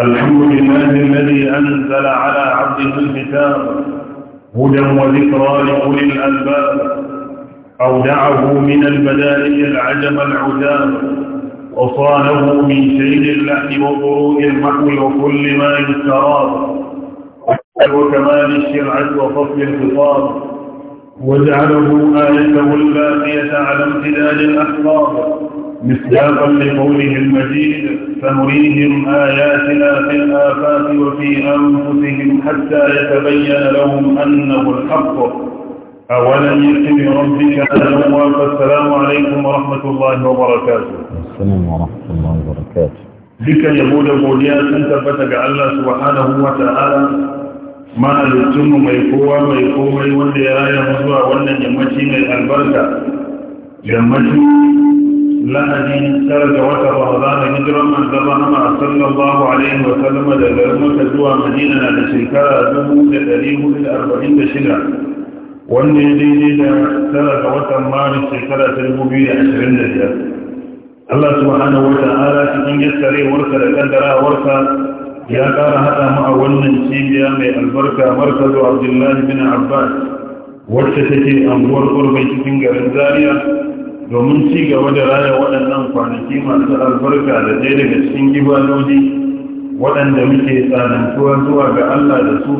الحمد لله الذي أنزل على عبده الكتاب هدى وذكرى لأولي الألباب أودعه من البدائل العجم العجاب وصانه من شيل اللحن وضروء المحو وكل ما يستراب وكمال الشرعة وفصل الخطاب وجعله آيته الباقية على امتداد الأحقاب مصداقا لقوله المجيد فنريهم اياتنا في الافاق وفي انفسهم حتى يتبين لهم انه الحق اولم يكن ربك اهلا والسلام عليكم ورحمه الله وبركاته. السلام ورحمه الله وبركاته. بك يقول مولى انت فتك الله سبحانه وتعالى ما لتم ما يقوى ما يقوى ما يولي ايه مزوى ولن يمشي من البركه. يمشي لاني سرد وتر هذا نجرا من ذبهما صلى الله عليه وسلم لجرمة زوى مدينة لشركار ذمه لتليه للأربعين بشنا واني ديدينا سرج وتر ما من شركار المبيل عشرين نجا الله سبحانه وتعالى تكون يسري ورسا لكندرا ورسا يا كار هذا ما أول من شيء من البركة مركز عبد الله بن عباس ورسا تكون أمور قربة تكون غير domin ci gaba da raya waɗannan kwanaki masu albarka da ɗaya daga cikin ibadoji waɗanda muke tsanantuwa zuwa ga Allah da su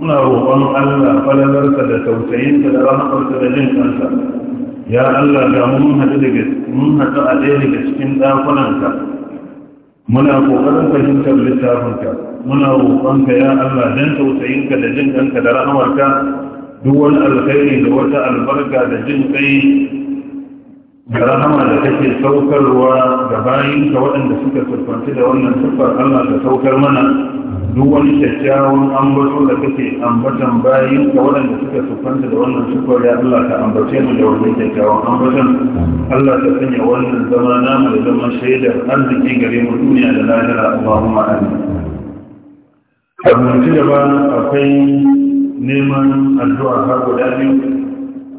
muna roƙon Allah falalarsa da tausayinsa da rahmarsa da jin kansa ya Allah ga mun haɗu daga mun haɗu a ɗaya daga cikin ɗakunanka muna ƙoƙarin fahimtar littafinka muna roƙonka ya Allah don tausayinka da jin kanka da rahmarka duk wani alkhairi da wata albarka da jin kai da rahama da take saukarwa da bayan ka waɗanda suka siffanci da wannan siffar Allah ka saukar mana duk wani kyakkyawan ambato da kake ambatan bayan ka waɗanda suka siffanta da wannan siffar ya Allah ka ambace mu da wannan kyakkyawan ambatan Allah ka sanya wannan zama namu da zama shaidar arziki gare mu duniya da lahira Allahumma amin kamar ci ba akwai neman addu'a har guda biyu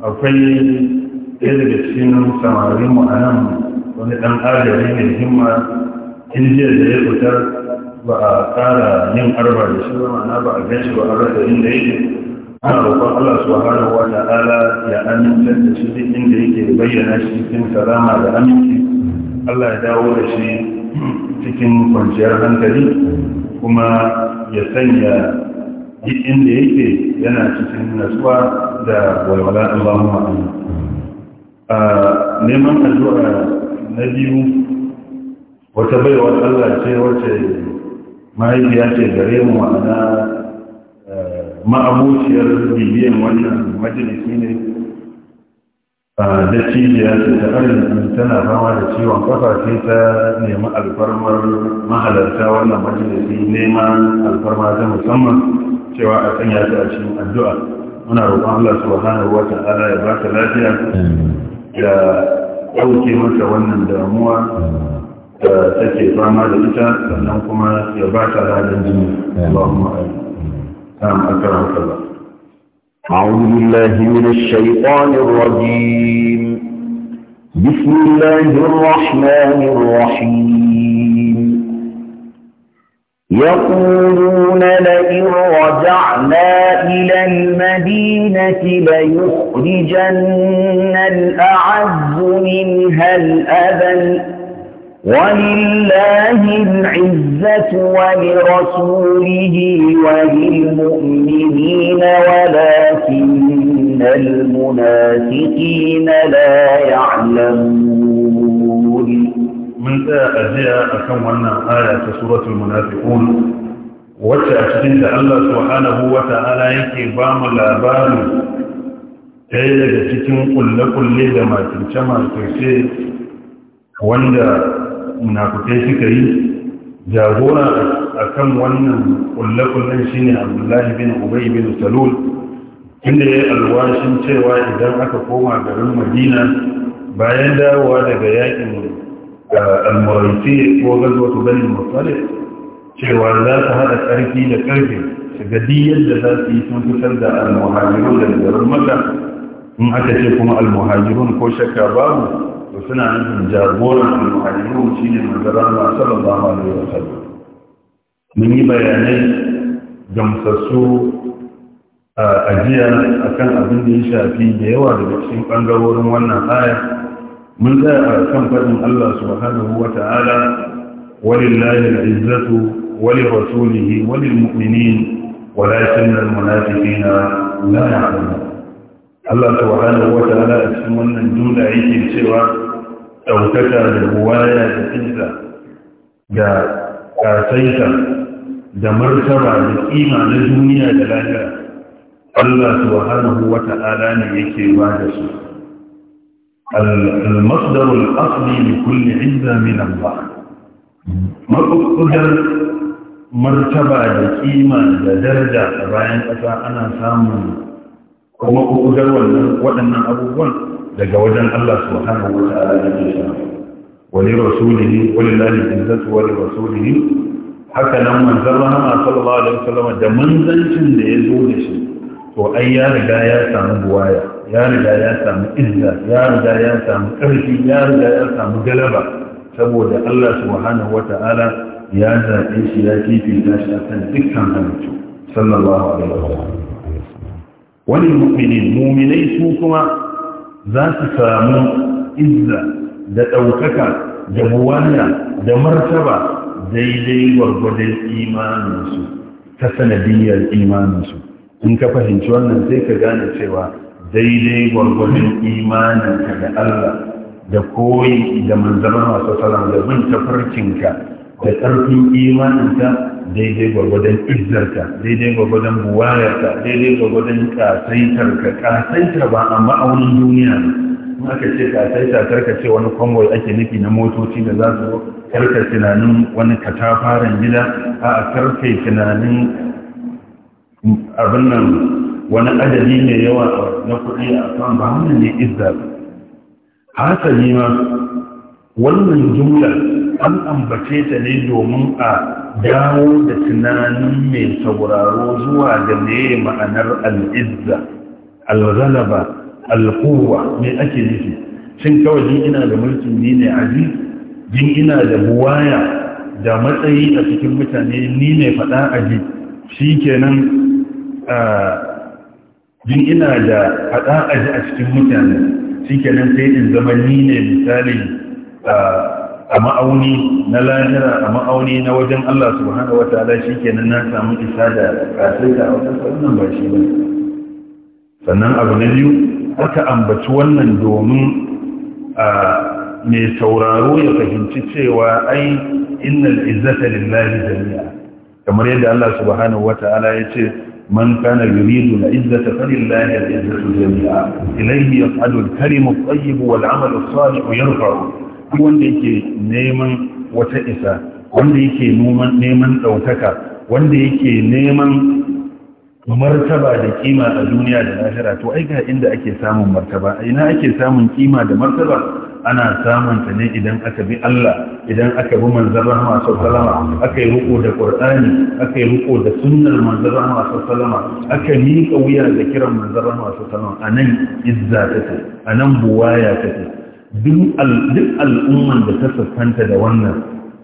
akwai ɗaya daga cikin samarin mu wani ɗan adali mai himma in jiya da ya fita ba a ƙara yin arba da shi ba ma'ana ba a gan shi ba a rasa inda yake ana roƙon Allah subhanahu wa ta'ala ya amince da shi duk inda yake bayyana shi cikin salama da aminci Allah ya dawo da shi cikin kwanciyar hankali kuma ya sanya duk inda yake yana cikin natsuwa da walwala Allahumma amin neman addu'a na biyu wata baiwar Allah ce wace mahaifiya ce gare mu ma'ana ma'amuciyar bibiyan wannan majalisi ne da cibiya ce ta arziki tana fama da ciwon kafa sai ta nemi alfarmar mahalarta wannan majalisi neman alfarma ta musamman cewa a sanya ta a cikin addu'a muna roƙon Allah subhanahu wa ta'ala ya baka lafiya ya ɗauke masa wannan damuwa da take fama da ita sannan kuma ya ba ta ladan jini Allahumma amin akram kallah أعوذ بالله من الشيطان الرجيم بسم الله الرحمن الرحيم يقولون لئن رجعنا إلى المدينة ليخرجن الأعز منها الأذل ولله العزة ولرسوله وللمؤمنين ولكن المنافقين لا يعلمون mun tsaya ajiya akan wannan aya ta suratul munafiqun wacce a cikin da Allah subhanahu ta'ala yake ba mu labarin ɗaya daga cikin kulle-kulle da makince-makince wanda munafukai suka yi jagora a kan wannan kulle-kullen shine Abdullahi bin Ubay bin Salul inda ya yi alwashin cewa idan aka koma garin Madina bayan dawowa daga yakin آه، المرايتي هو غزوة بني المصالح شعور ذات هذا الأرثي لكرهي جديا لذات إيسان تسلد المهاجرون لذير المكة ما تشيكم المهاجرون كوشك باب وسنع عندهم جابورا المهاجرون شين المجران ما صلى الله عليه وسلم من يبياني جمسسو آه، أجيانا أكان أبن إنشاء في ديوان بحسين قنقورم وانا آية mun tsaya a kan faɗin Allah subhanahu wa ta'ala walillahi al'izzatu wali rasulihi wali mu'minin walakin almunafiqina la ya'lamun Allah subhanahu wa ta'ala a cikin wannan juna yake cewa daukaka da ruwaya da tinta da kasaita da martaba da kima na duniya da lahira Allah subhanahu wa ta'ala ne yake ba da su المصدر الأصلي لكل عزة من الله ما أقدر مرتبة لكيمة لدرجة رأي أتى أنا سامن وما أقدر وأن أبوان لجوجا الله سبحانه وتعالى جميعا ولرسوله ولله العزة ولرسوله حتى لما زرنا ما صلى الله عليه وسلم دمنزل شن ليزول شن وأيار قايا سامن ya riga ya samu izza ya riga ya samu ƙarfi ya riga ya samu galaba saboda Allah subhanahu wata'ala ya zaɓe shi ya fifita shi akan dukkan halittu sallallahu alaihi wasallam wani mu'minin mu'minai su kuma za su samu izza da ɗaukaka da buwaya da martaba daidai gwargwadon imaninsu ta sanadiyyar imaninsu in ka fahimci wannan sai ka gane cewa daidai gwargwadon imaninka da Allah da koyi da manzaman masu salam da bin tafarkinka da ƙarfin imaninka daidai gwargwadon izzarka daidai gwargwadon buwayarka daidai gwargwadon kasaitarka kasaitar ba a ma'aunin duniya ne kuma aka ce kasaita karka ce wani kwangwai ake nufi na motoci da za su karka tunanin wani katafaren gida a karka tunanin abin nan wani adadi mai yawa na kuɗi a kan ba wannan ne izza ba hasali ma wannan jumla an ambace ta ne domin a dawo da tunanin mai sauraro zuwa da ne ma'anar al'izza al-ghalaba al-quwwa me ake nufi shin kawai jin ina da mulki ni ne aji jin ina da buwaya da matsayi a cikin mutane ni ne faɗa aji shikenan jin ina da haɗa a cikin mutane shi kenan sai in zama ni ne misali a ma'auni na lahira a ma'auni na wajen Allah subhanahu wa ta'ala shi kenan na samu isa da kasai da wata wannan ba shi ba sannan abu na biyu aka ambaci wannan domin a mai sauraro ya fahimci cewa ai innal izzata lillahi jami'a kamar yadda Allah subhanahu wa ta'ala ya ce من كان يريد العزة فلله Jami'a, جميعا إليه يصعد الكلم الطيب والعمل الصالح يرفعه wanda yake neman wata isa wanda yake neman ɗaukaka wanda yake neman martaba da kima a duniya da lahira to ai inda ake samun martaba a ina ake samun kima da martaba ana samun ta ne idan aka bi Allah idan aka bi manzon rahama sallallahu aka yi riko da Qur'ani aka yi riko da sunnar manzon rahama sallallahu aka miƙa wuya da kiran manzon rahama sallallahu anan izza take anan buwaya take duk al'umman da ta sassanta da wannan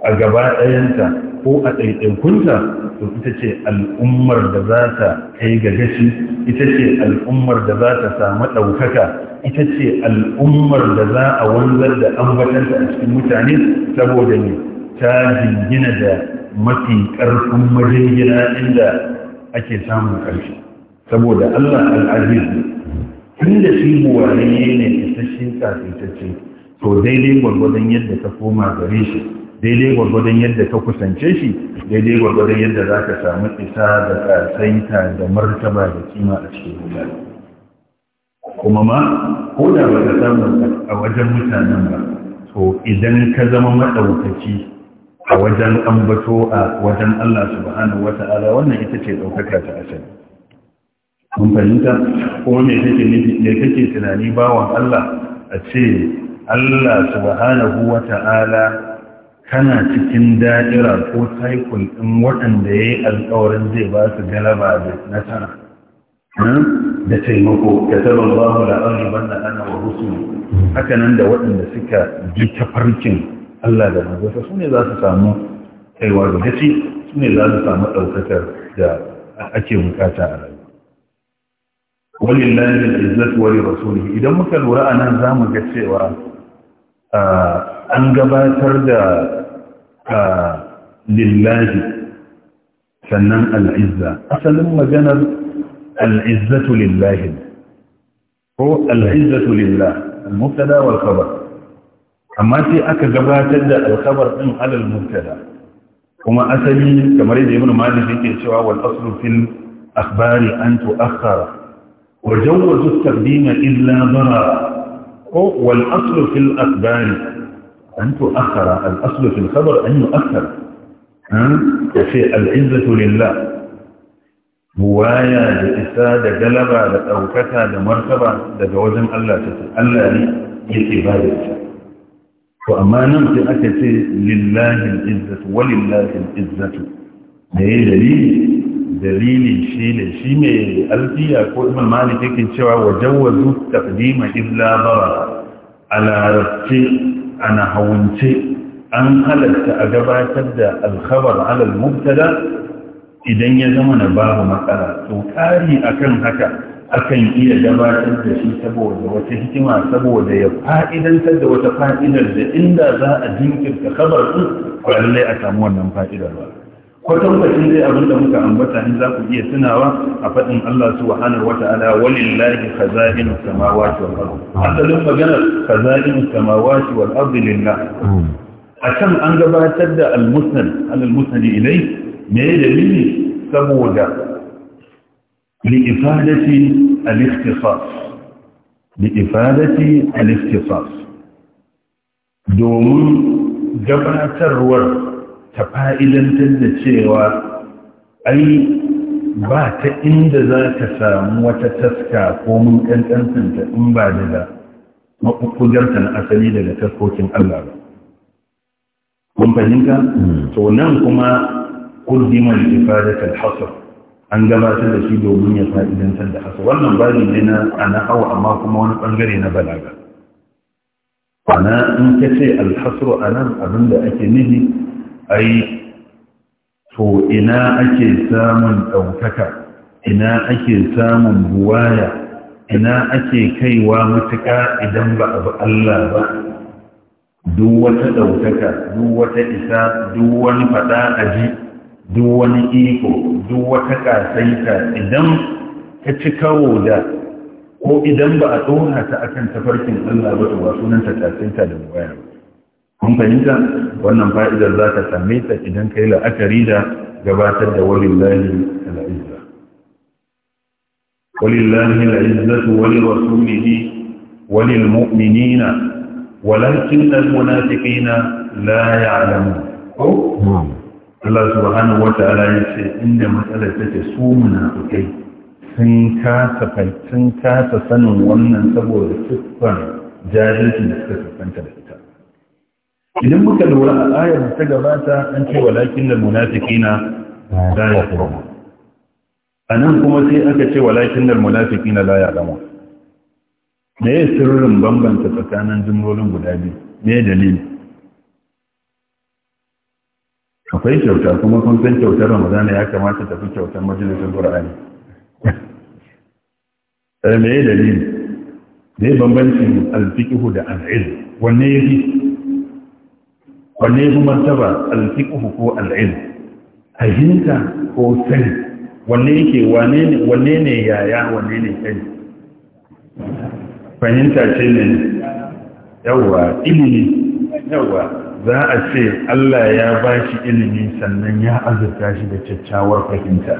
a gaba ɗayanta ko a ɗaiɗaikunta to ita ce al'ummar da za ta kai ga gashi ita ce al'ummar da za ta samu ɗaukaka ita ce al'ummar da za a wanzar da ambatanta a cikin mutane saboda ne ta jingina da mafi ƙarfin majingina inda ake samun ƙarfi saboda allah al'aziz tun da shi buwaye ne isasshen kafin to daidai gwargwadon yadda ta koma gare shi daidai gwargwadon yadda ta kusance shi daidai gwargwadon yadda za ka samu isa da kasaita da martaba da kima a cikin mutane kuma ma ko da ba ka samu a wajen mutanen ba to idan ka zama maɗaukaci a wajen ambato a wajen Allah subhanahu Ta'ala, wannan ita ce ɗaukaka ta asali mun fahimta kuma me kake nufi me kake tunani bawan Allah a ce Allah subhanahu Ta'ala. kana cikin da'ira ko taikul ɗin waɗanda ya yi alkawarin zai ba su galaba da nasara hmm? da taimako da taron babu la'arri banda ana wa rusu haka nan da waɗanda suka ji farkin, Allah da mazasa su ne za su samu kaiwa da gaci su ne za su samu ɗaukakar da ake bukata a rayuwa walillahi al-izzatu wa li idan muka lura anan zamu ga cewa an gabatar da lillahi sannan al'izza asalin maganar al'izzatu lillahi ko al'izzatu lillah al-mubtada wal khabar amma sai aka gabatar da al-khabar din alal mubtada kuma asali kamar yadda ibn malik yake cewa wal aslu fil akhbari an tu'akhkhara wa jawwazu at-taqdima illa darara والأصل في الأخبار أن تؤخر الأصل في الخبر أن يؤخر في العزة لله هوايا لإساء دقلبة لأوكتا لمرتبة لجوزم الله تسل الله لإبادة فأما نمتي لله العزة ولله العزة هي إيه دليل dalili shi ne shi mai alfiya ko imam malik yake cewa wajen wajawazu taqdima illa bara a larabce a nahawance an halarta a gabatar da alkhabar alal mubtada idan ya zama na babu matsala to ƙari akan haka akan iya gabatar da shi saboda wata hikima saboda ya fa'idantar da wata fa'idar da inda za a jinkirta khabar ɗin ba lallai a samu wannan fa'idar ba kwatankwacin zai abin da muka ambata ni za ku iya tunawa a faɗin Allah subhanahu wa ta'ala walillahi khaza'inu samawati wal ardh asalin maganar khaza'inu samawati wal lillah a can an gabatar da al-musnad al-musnad ilai me dalili saboda li ifadati al-ikhtisas li ifadati al-ikhtisas domin gabatarwar ta fa'idantar da cewa ai ba ta inda za ka samu wata taska ko mun ƙanƙantanta in ba daga maɓuɓɓugarta na asali daga taskokin Allah ba. Kun fahimta? Hmm. To nan kuma ƙuddiman ifadatul hasar an gabatar da shi domin ya fa'idantar da hasar. Wannan babi ne na ana hawa amma kuma wani ɓangare na balaga. Ana in ka ce alhasru a nan abin da ake nufi ai to ina ake samun ɗaukaka ina ake samun buwaya ina ake kaiwa matuƙa idan ba a Allah ba duk wata ɗaukaka duk wata isa duk wani faɗa aji duk wani iko duk wata ƙasaita idan ka ci kawo da ko idan ba a tsohata akan tafarkin Allah ba to ba sunanta ƙasaita da buwaya ba kun fahimta wannan fa'idar za ta same ta idan kai la'akari da gabatar da walillahi al'izza walillahi al'izzatu wali rasulihi wali mu'minina walakin al-munafiqina la ya'lamun alamu. Allah subhanahu wa ta'ala ya ce inda matsalar take su munafikai sun kasa sun kasa sanin wannan saboda siffar jahilci da suka kasance da idan muka lura a ayar ta gabata an ce walakin da munafikina na ya kurma a nan kuma sai aka ce walakin da munafikina na ya gama. me ya sirrin bambanta tsakanin jimlolin guda biyu me dalili akwai kyauta kuma kun san kyautar ramadana ya kamata ta fi kyautar majalisar qur'ani eh, me dalili ne bambancin alfikihu da al'ilm wanne ya yafi wanne ya martaba alfiqhu ko al'ilm fahimta ko sani wanne yake wane ne wanne ne yaya wanne ne sani fahimta ce ne yawa ilimi yawa za a ce Allah ya ba shi ilimi sannan ya azurta shi da kyakkyawar fahimta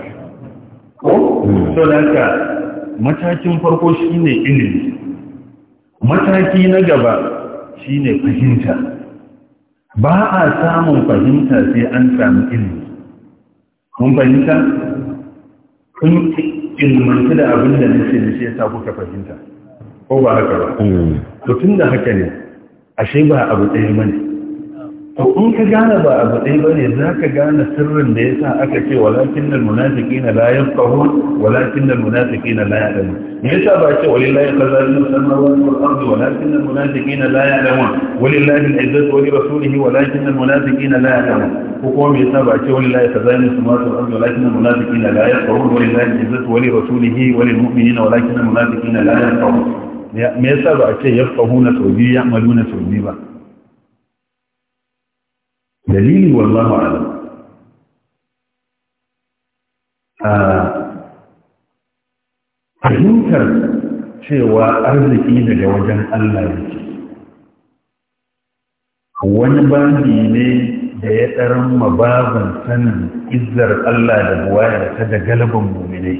ko so da matakin farko shine ilimi mataki na gaba shine fahimta ba a samun fahimta sai an samu ilmi mun fahimta kun ilmanci da abin da nace da shi ya sa kuka fahimta ko ba haka ba mm. to da haka ne ashe ba abu ɗaya mani. to in ka gane ba abu ɗaya ba ne za ka gane sirrin da ya sa aka ce walakin da munafiki na layan ƙaho walakin da munafiki na layan ɗamu me sa ba ce wali layan kazalin sanarwar ƙarfi walakin da munafiki na layan ɗamu wali layan izzat wali rasulihi walakin da munafiki na layan ɗamu ko kuma me yasa ba ce wali layan kazalin sanarwar ƙarfi walakin da munafiki na layan ƙaho wali layan izzat wali rasulihi wali mu'minina walakin da munafiki na layan ƙaho me yasa ba a ce yafqahuna sau biyu ya amaluna sau biyu ba dalili wallahu alam a fahimtar cewa arziki daga wajen Allah yake wani babi ne da ya tsaron mababan sanin izzar Allah da buwaya ta da galaban muminai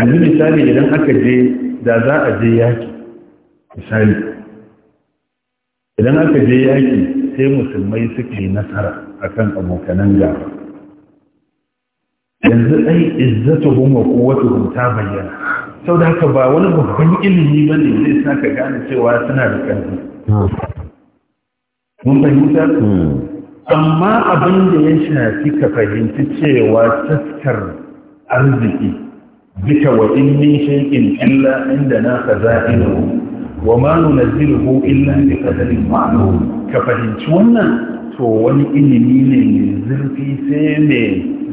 yanzu misali idan aka je da za a je yaki misali idan aka je yaki sai musulmai suke nasara akan abokanan gaba yanzu ai izzatuhum wa quwwatuhum ta bayyana sau da haka ba wani babban ilimi ba ne zai sa ka gane cewa suna da ƙarfi mun fahimta amma abin da ya shafi ka fahimci cewa taskar arziki bika wa in min shay'in illa indana khaza'inu wa ma nunazziluhu illa bi qadarin ma'lum ka fahimci wannan to wani ilimi ne mai zurfi sai mai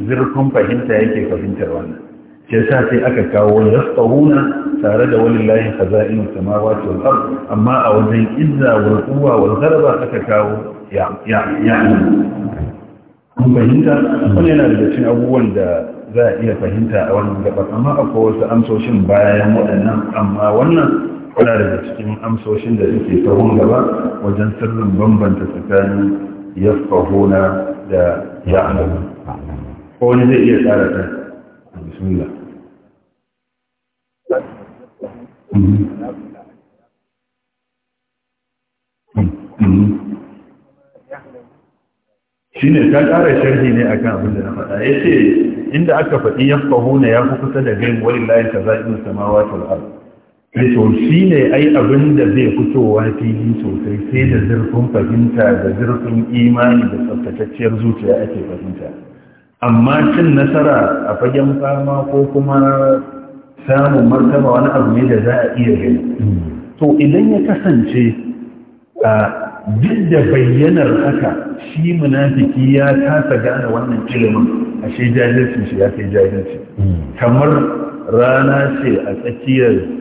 zurfin fahimta yake fahimtar wannan ke sa sai aka kawo yastaruna tare da wani layin khaza'in samawa wal ard amma a wajen izza wal quwwa wal zarba aka kawo ya ya ya fahimta wannan yana da cikin abubuwan da za a iya fahimta a wannan gabar amma akwai wasu amsoshin bayan waɗannan amma wannan kuna daga cikin amsoshin da suke sahun gaba wajen sirrin bambanta tsakanin yafahuna da ya'lamu ko wani zai iya tsara ta bismillah shi ne ta ƙara sharhi ne a kan abin da na faɗa ya ce inda aka faɗi yafahuna ya fi kusa da gain wani layin ka za'in samawa tal'ar to shi ne ai abin da zai fitowa fili sosai sai da zurfin fahimta da zurfin imani da tsaftatacciyar zuciya ake fahimta amma cin nasara a fagen fama ko kuma samun martaba wani abu ne da za a iya gani to idan ya kasance a duk da bayyanar haka shi munafiki ya kasa gane wannan ilimin ashe jahilci shi ya kai jahilci hmm. kamar rana ce a tsakiyar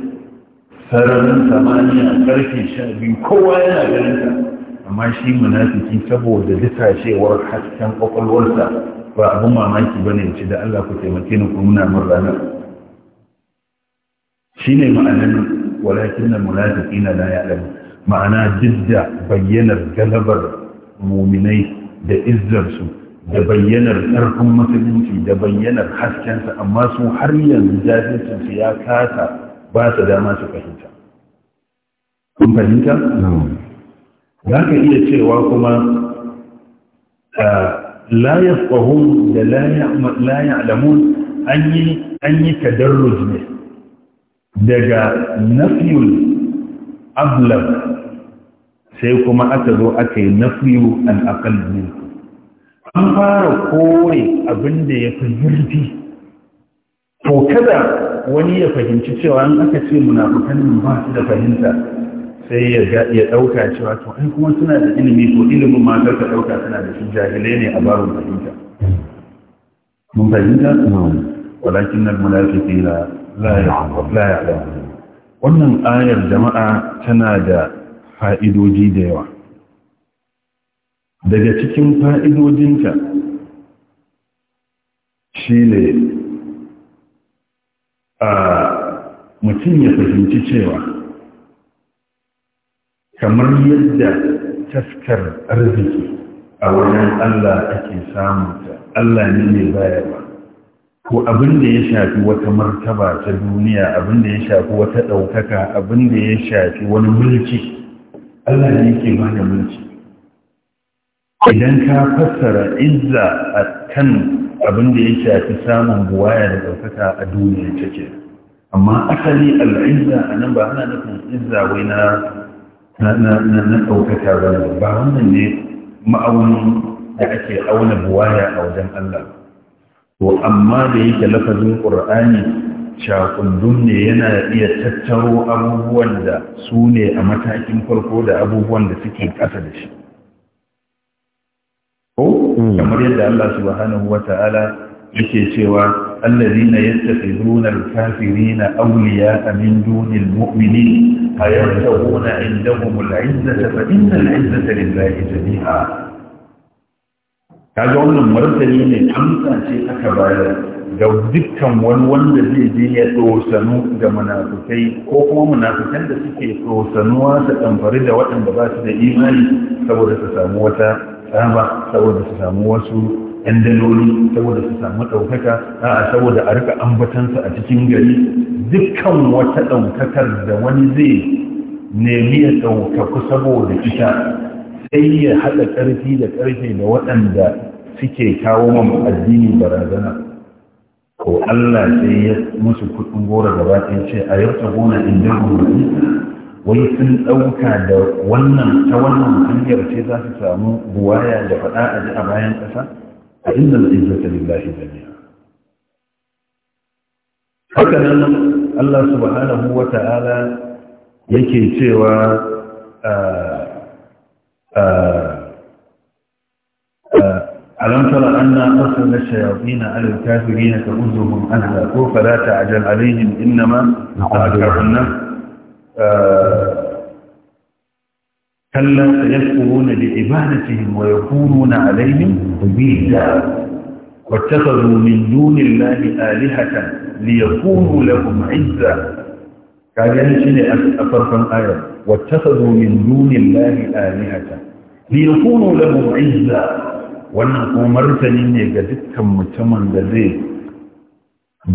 sararin samaniya karfe sha biyu kowa yana ganin ta amma shi munafiki saboda dutashewar hasken kwakwalwarsa ba abin mamaki ba ne ce da Allah ku taimake ni ku nuna min ranar shi ne ma'anar walakin na munafiki na la ya ma'ana da bayyanar galabar muminai da izzarsu da bayyanar ƙarfin musulunci da bayyanar haskensa amma su har yanzu jajircinsu ya kasa ba su dama su fahimta kun fahimta? za ka iya cewa kuma la yafqahun da la alamun an yi an ne daga nafiyul ablab sai kuma aka zo aka yi nafiyu an aqall an fara kore abin da ya fi zurfi to kada wani ya fahimci cewa an aka ce munafukan nan ba su da fahimta sai ya ya dauka cewa to ai kuma suna da ilimi to ilimin ma ka dauka suna da shi jahilai ne a barin fahimta mun fahimta walakin al munafiqina la ya'lamun la ya'lamun wannan ayar jama'a tana da fa'idoji da yawa daga cikin fa'idojinta shi ne Ah, mutum ya fahimci cewa kamar yadda taskar arziki a wajen Allah ake ta, Allah ne mai bayarwa ko abin da ya shafi wata martaba ta duniya abin da ya shafi wata ɗaukaka abin da ya shafi wani mulki Allah ne yake bada mulki idan ka fassara izza a kan abin da ya shafi samun buwaya da ɗaukaka a duniya ke, amma asali al'izza a nan ba ana nufin izza wai na ɗaukaka ba ne ba wannan ne ma'aunin da ake auna buwaya a wajen Allah to amma da yake lafazin ƙur'ani shakundum ne yana iya tattaro abubuwan da su ne a matakin farko da abubuwan da suke ƙasa da shi kamar yadda Allah subhanahu wa ta'ala yake cewa allazina yattakhizuna al-kafirina awliya'a min dunil mu'minin ayatawuna indahum al-'izzata fa inna al-'izzata lillahi jami'a ga wannan martani ne amsa ce aka bayar ga dukkan wani wanda zai je ya tsosanu ga munafukai ko kuma munafukan da suke tsosanuwa su ɗamfari da waɗanda ba su da imani saboda su samu wata saba saboda su samu wasu yan daloli saboda su samu ɗaukaka a saboda a rika ambatansa a cikin gari dukkan wata ɗaukakar da wani zai nemi ya ɗaukaku saboda ita sai ya haɗa ƙarfi da ƙarfe da waɗanda suke kawo mamu addini barazana ko Allah sai ya musu kuɗin gora gaba ɗaya ce a yau ta gona inda gona wai sun ɗauka da wannan ta wannan hanyar ce za su samu buwaya da faɗa a ji a bayan ƙasa a inda al'izzata lillahi jami'a haka nan Allah subhanahu wa ta'ala yake cewa ألم تر أنا أرسلنا الشياطين على الكافرين تؤذهم أهلا فلا تعجل عليهم إنما أعجرنا kallon yankuruna da imanatihim wa ya kununa alaihim bida wattakaru min dunin lami alihatan li ya kunu lagun izza kajiyar shi ne a farkon ayar wattakaru min dunin lami alihatan li ya kunu lagun izza wannan umartani ne ga dukkan mutumin da zai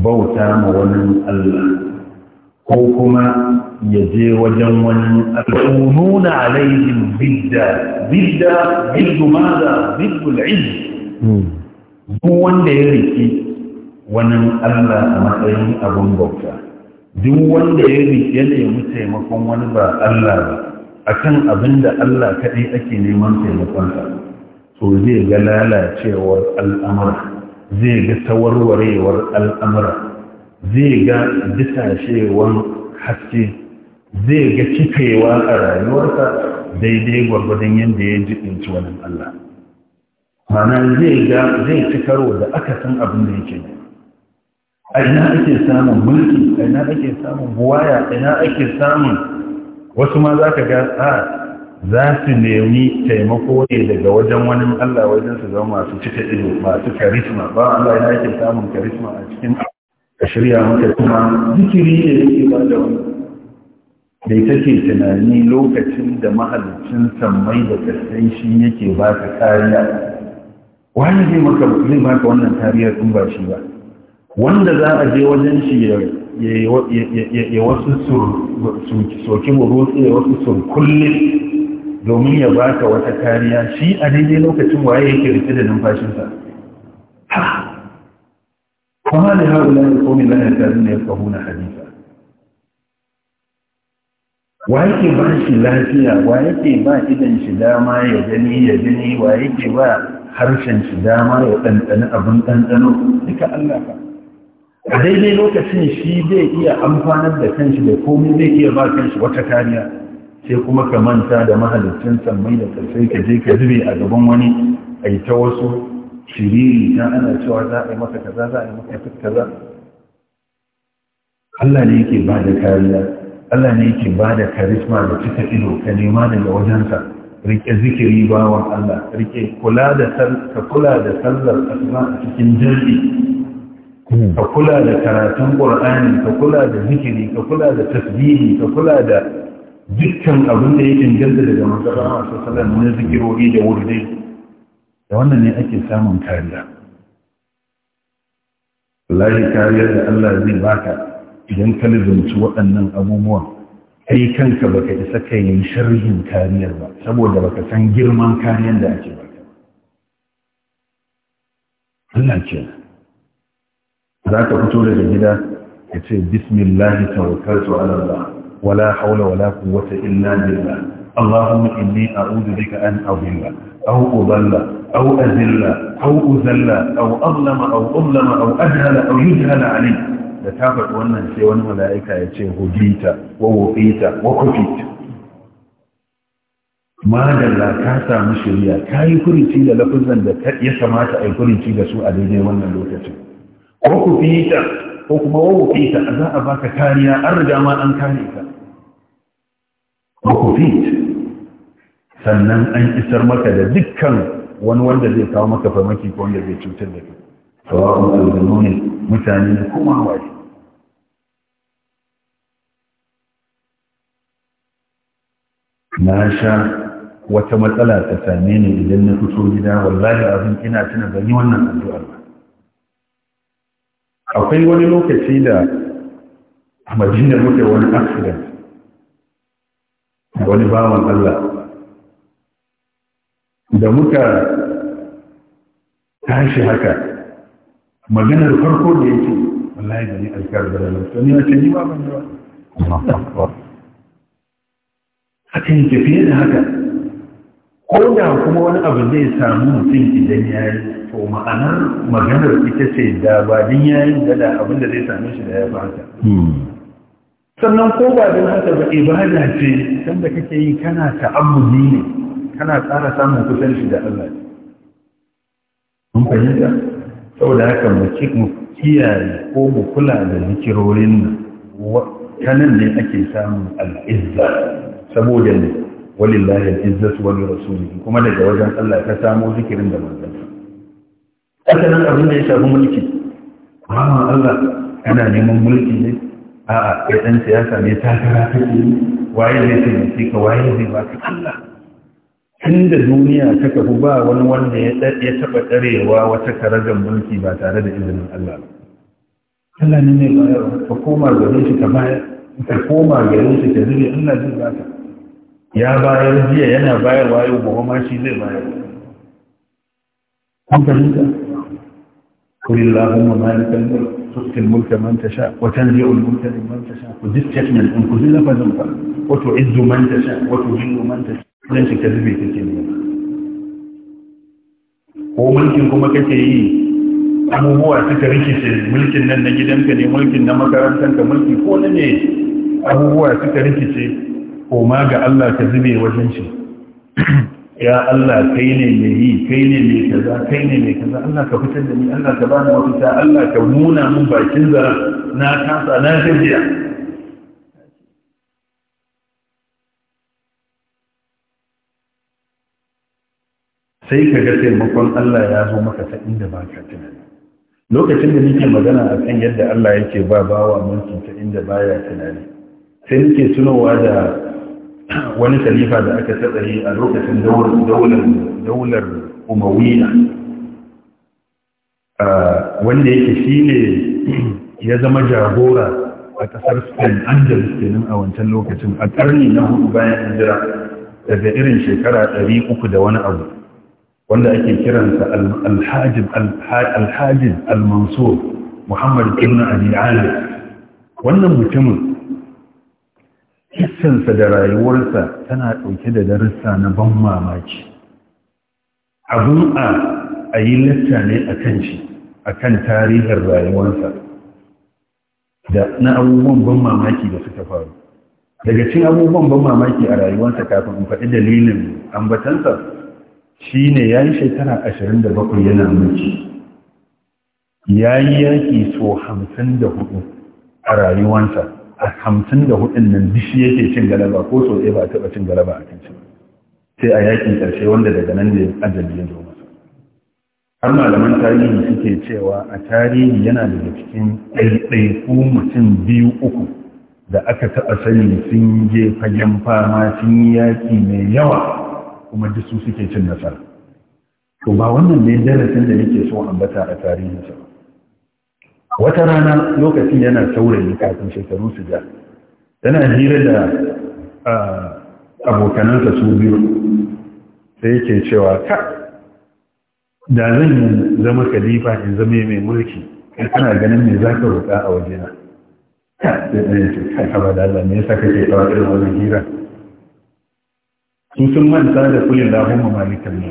bauta ma wani allah ko kuma ya je wajen wani al'ununa alaihim bidda bidda biddu maza biddu al'iz hmm. duk wanda ya riki wani Allah a matsayin abin bauta duk wanda ya riki ya nemi taimakon wani ba Allah ba kan abin da Allah kaɗai ake neman taimakonsa to zai ga lalacewar al'amura zai ga tawarwarewar al'amura zai ga disashewan haske zai ga cikewa a rayuwarsa daidai gwargwadon yadda ya ji ɗinci wani Allah mana zai ga zai ci karo da aka san abin da yake a ina ake samun mulki a ina ake samun buwaya a ina ake samun wasu ma za ka ga a za su nemi taimako ne daga wajen wani Allah wajen su zama masu cika ido masu karisma ba Allah ina ke samun karisma a cikin ka shirya maka kuma zikiri ne ke ba da wani da ita ke tunani lokacin da mahalicin sammai da kasai shi yake ba ka kariya wani zai maka zai baka wannan kariyar ɗin ba shi ba wanda za a je wajen shi ya wasu soki murutse ya wasu surkulle domin ya ba ka wata kariya shi a daidai lokacin waye yake rike da numfashinsa فما لهؤلاء القوم لا يكادون يفقهون حديثا wa yake ba shi lafiya wa ba idan shi dama ya gani ya gani wa ba harshen shi dama ya ɗanɗani abin ɗanɗano duka Allah ka a daidai lokacin shi zai iya amfanar da kanshi da komai zai iya ba kanshi wata kariya sai kuma ka manta da mahalicin sammai da karsai ka je ka zube a gaban wani a yi ta wasu shiriri na ana cewa za a yi maka kaza za a yi maka kaza Allah ne yake ba da kariya Allah ne yake ba da karisma da cika ido ka nema daga wajensa rike zikiri bawan Allah rike kula da ka kula da sallar asma a cikin jirgi ka kula da karatun qur'ani ka kula da zikiri ka kula da tasbihi ka kula da dukkan abin da yake jaddada daga manzon Allah sallallahu alaihi na zikirori da wurdai da wannan ne ake samun kariya wallahi kariyar da Allah zai baka idan ka lizumci waɗannan abubuwan kai kanka baka isa ka yi sharhin kariyar ba saboda baka san girman kariyar da ake baka Allah ce za ka fito daga gida ka ce bismillahi tawakkaltu ala Allah wala hawla wala quwwata illa billah اللهم إني أعوذ بك أن أضل أو أضل أو أذل أو أذل أو أظلم أو أظلم أو أجهل أو يجهل عليه da ta faɗi wannan sai wani mala'ika ya ce hujita wa wufita wa kufit madalla ka samu shirya ka yi kurici da lafizan da ya kamata a yi kurici da su a daidai wannan lokacin wa kufita ko kuma wa wufita a za a baka kariya an riga ma an kare ka wa kufit sannan an isar maka da dukkan wani wanda zai kawo maka farmaki ko wanda zai cutar da kai sawa'un aljanu ne mutane ne kuma waye na sha wata matsala ta same ni idan na fito gida wallahi abin ina tuna gani yi wannan addu'ar akwai wani lokaci da a madina muke wani accident wani bawan Allah da muka tashi haka maganar farko da yake wallahi da ni alkar da ranar to ni na ce ni ba ban yawa haka yake fiye da haka ko da kuma wani abu zai samu mutum idan ya yi to ma'anar maganar ita ce da ba din ya yi gada abin da zai same shi da ya ba haka hmm. sannan ko ba don haka ba ibada ce sanda kake yi kana ta'ammuli ne kana tsara samun kusan da Allah mun fahimta saboda haka mu kiyaye ko mu kula da zikirorin nan ta nan ne ake samun al'izza saboda ne walillahi al'izzatu wal rasulihi kuma daga wajen Allah ta samo zikirin da manzon haka nan abin da ya shafi mulki amma Allah kana neman mulki ne a'a kai dan siyasa ne takara kake waye ne sai ka waye zai baka Allah tun da duniya ta kafu ba wani wanda ya taɓa ɗarewa wata karagar mulki ba tare da izinin Allah ba. Allah ne mai bayarwa, ka koma gare shi ka bayar, ka koma gare shi ka zube Allah zai ba ta. Ya bayar jiya yana bayar wayo ba ma shi zai bayar. An fahimta? Kuri Allahumma malikan mulk, tuskil mulka man tasha, wa tanzi'ul mulka man tasha, ku ji statement in ku ji lafazin fa, wa tu'izzu man tasha, wa tu'izzu man tasha. nan shi zube ta ce ne ko mulkin kuma kake yi abubuwa suka rikice mulkin nan na gidanka ne mulkin na makarantanka mulki ko na ne abubuwa suka rikice ko ma ga Allah ka zube wajen shi ya Allah kai ne mai yi kai ne mai kaza kai ne mai kaza Allah ka fitar da ni Allah ka bani wata Allah ka nuna mun bakin zara na kasa na gajiya sai ka ga taimakon Allah ya zo maka ta inda ba ka tunani lokacin da nake magana a kan yadda Allah yake ba bawa mulki ta inda baya tunani sai nake tunowa da wani khalifa da aka tsare a lokacin daular daular umawiya wanda yake shine ya zama jagora a kasar Spain Angeles kenan a wancan lokacin a karni na hudu bayan hijira daga irin shekara 300 da wani abu wanda ake kiransa Alhajin alhajib almansur muhammad ibn abi wannan mutumin kissansa da rayuwarsa tana ɗauke da darussa na ban mamaki abun a yi latta ne a kan shi a kan tarihin rayuwarsa da na abubuwan ban mamaki da suka faru daga cin abubuwan ban mamaki a rayuwarsa kafin in faɗi dalilin ambatansa shi ne ya yi shekara ashirin da bakwai yana mulki ya yi yaƙi so hamsin da hudu a rayuwansa a hamsin da hudun nan bishi yake cin galaba ko so ɗaya ba a taɓa cin galaba a kan cin sai a yaƙin ƙarshe wanda daga nan ne ajali ya zo masa har malaman tarihi suke cewa a tarihi yana daga cikin ɗaiɗaiku mutum biyu uku da aka taɓa sani sun je fagen fama sun yi yaƙi mai yawa kuma duk su suke cin nasara to ba wannan ne darasin da nake so ambata a tarihinsa wata rana lokacin yana saurayi kafin shekaru su ja yana hira da abokanansa su biyu sai yake cewa ka da zan yi zama kalifa in zama mai mulki kai kana ganin me zaka ka a wajena sai ɗaya ce kai haba da Allah me yasa kake tsawa irin wannan hira su sun manta da kulin lahun mamalikan ne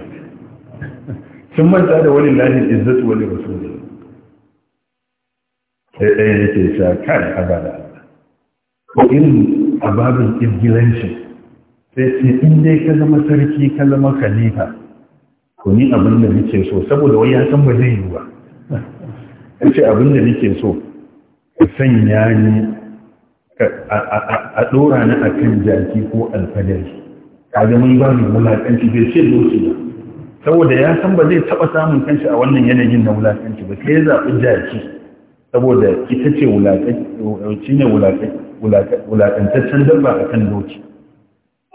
sun manta da wani lahin izzatu wani rasuli sai ɗaya yake sha kare a ba da Ko in a babin ingilanci sai ce in dai ka zama sarki ka zama khalifa Ko ni abin da nake so saboda wai ya san ba zai yi ba ya ce abin da nake so ka sanya ni a ɗora ni a kan jaki ko alfadari kaga mun ba mu wulakanci bai ce dosi ba saboda ya san ba zai taɓa samun kanshi a wannan yanayin na wulakanci ba sai ya zaɓi jaki saboda ita ce wulakanci ne dabba a kan doki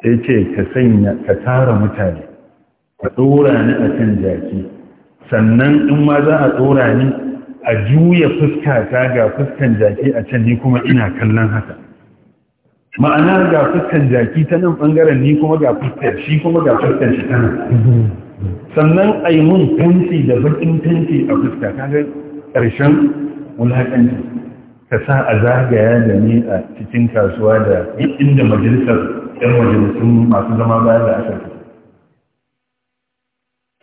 sai ce ka sanya ka tara mutane ka tsora ni a kan jaki sannan in ma za a tsora ni a juya fuska ta ga fuskan jaki a can ni kuma ina kallon haka ma'ana ga fuskan jaki ta nan ɓangaren ni kuma ga fuskan shi kuma ga fuskan shi tana sannan a yi mun tanti da bakin tanti a fuska kaga ƙarshen wulaƙanci ka sa a zagaya da ni a cikin kasuwa da inda majalisar ɗan majalisun masu zama baya da aka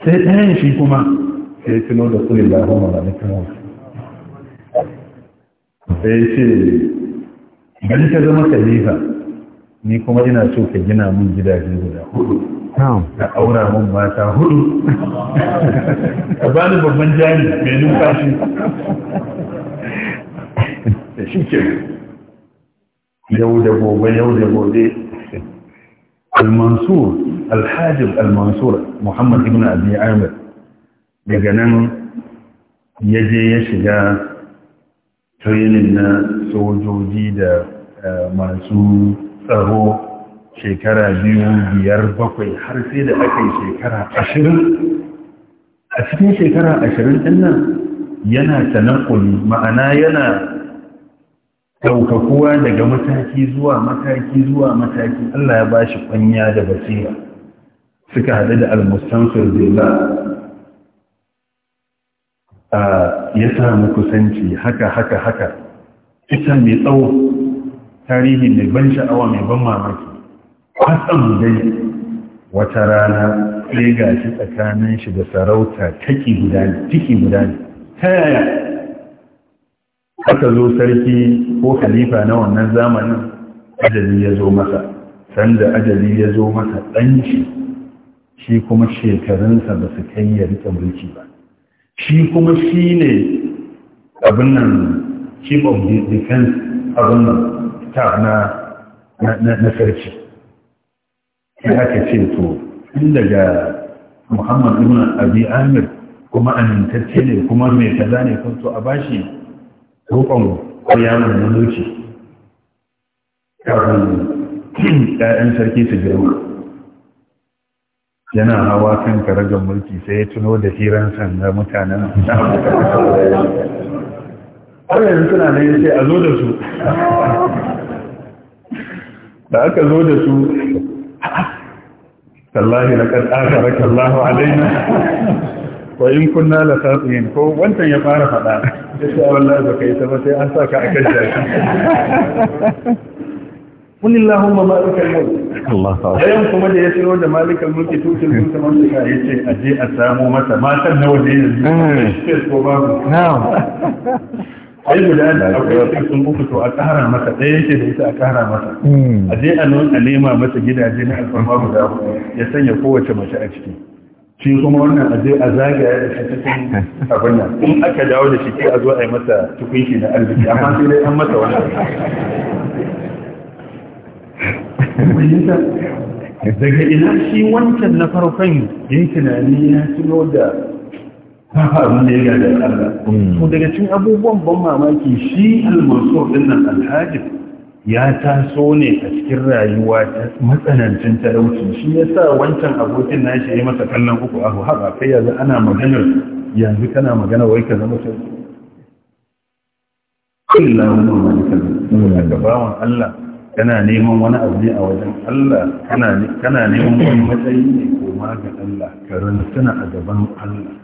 sai ɗayan shi kuma sai tuno da kulin lahoma da na kama sai ce idan ka zama khalifa ni kuma ina so ka gina mun gidaje guda hudu ka aura mun mata hudu ka bani babban jami mai numfashi da shi ke yau da gobe yau da gobe al-mansur al-hajib al-mansur muhammad ibn abi amir daga nan ya je ya shiga training na sojoji da masu tsaro shekara biyu biyar bakwai har sai da aka yi shekara ashirin a cikin shekara ashirin din nan yana tanakuli ma'ana yana ɗaukakuwa daga mataki zuwa mataki zuwa mataki Allah ya ba shi kwanya da basira suka haɗu da almustanfir billah ah, ya samu kusanci haka haka haka ita mai tsawo tarihi mai ban sha'awa mai ban mamaki kwatsam dai wata rana ɗaya ga shi tsakanin shi da sarauta taki guda ne ciki guda ne ta yaya aka zo sarki ko khalifa na wannan zamanin ajali ya zo masa sanda ajali ya zo masa ɗan shi shi kuma shekarunsa ba su kai ya riƙe mulki ba shi kuma shi ne abin nan chief of defense abin nan muktar na sarki sai aka ce to inda ga muhammad ibn abi amir kuma amintacce ne kuma mai kaza ne kun to a bashi roƙon ƙwaryawan mulki kafin ɗayan sarki su girma yana hawa kan karagar mulki sai ya tuno da hiran sanda mutanen samun ƙarfi har yanzu suna nan ya ce a zo da su da aka zo da su tallahi laqad akharaka Allahu alaina Ko in kunna la tsatsin ko wancan ya fara fada yace wallahi ba kai ta ba sai an saka akan aiki kun Allahumma malikal mulk Allah ta'ala ayan kuma da ya tsiro da malikal mulki, tukin sun kamar suka yace ce a samu masa matan na ne yanzu eh. ko babu na'am ai guda da akwai kasan uku to a kara masa ɗaya yake da ita a kara masa a je a nan a nema masa gidaje na alfarma guda ya sanya kowace mace a ciki shi kuma wannan a je a zagaya da shi cikin abin nan in aka dawo da shi ke a zo a yi masa tukunki na arziki amma sai dai an masa wannan daga ina shi wancan na farkon yin tunani ya tuno da ta fa abin da ya gada da Allah hmm. to daga cikin abubuwan ban mamaki shi al-mansur din ya taso ne a cikin rayuwa ta matsanancin talauci shi ya sa wancan abokin shi ya yi masa kallon uku abu haka kai yanzu ana maganar yanzu kana magana wai ka zama sai illa wani malikan kallon. ga Allah kana neman wani abu ne a wajen Allah kana neman wani matsayi ne ko ma ga Allah ka rantsuna a gaban Allah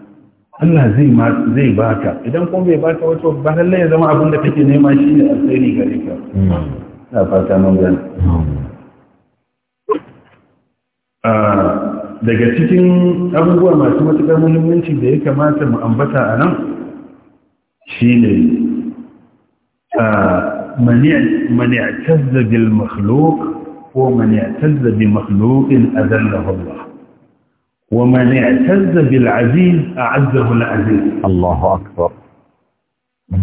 Allah zai zai baka idan kuma bai baka wato ba lalle ya zama abin da kake nema shi ne alheri gare ka hmm. na fata mun gani hmm. ah, daga cikin abubuwa masu matuƙar muhimmanci da ya kamata mu ambata a nan shi ne ah, mani a bil makhluk ko mani a bil makhlukin da Allah ومن اعتز بالعزيز أعزه العزيز الله أكبر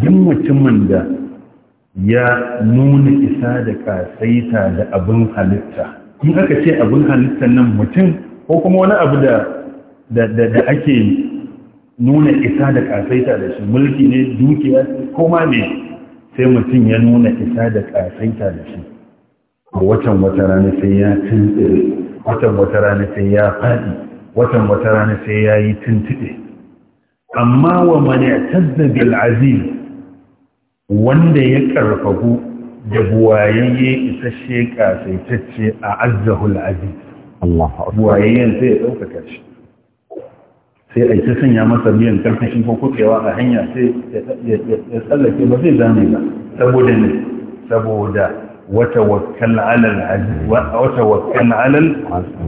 جمع تمن ده يا نون إسادك سيتا لأبن خلتا in aka ce abin halittar nan mutum ko kuma wani abu da ake nuna isa da kasaita da shi mulki ne dukiya ko ma ne sai mutum ya nuna isa da kasaita da shi a watan wata rana sai ya tuntsire watan wata rana sai ya faɗi watan wata rana sai ya yi tuntube amma wa mani'tazza bil aziz wanda ya karfafu da buwayayye isasshe kasaitacce a azzahul aziz buwayayyen sai ya ɗaukaka shi sai a ta sanya masa biyan karkashin ko kutsewa a hanya sai ya tsallake ba zai zame ba saboda ne saboda wata wakkan alal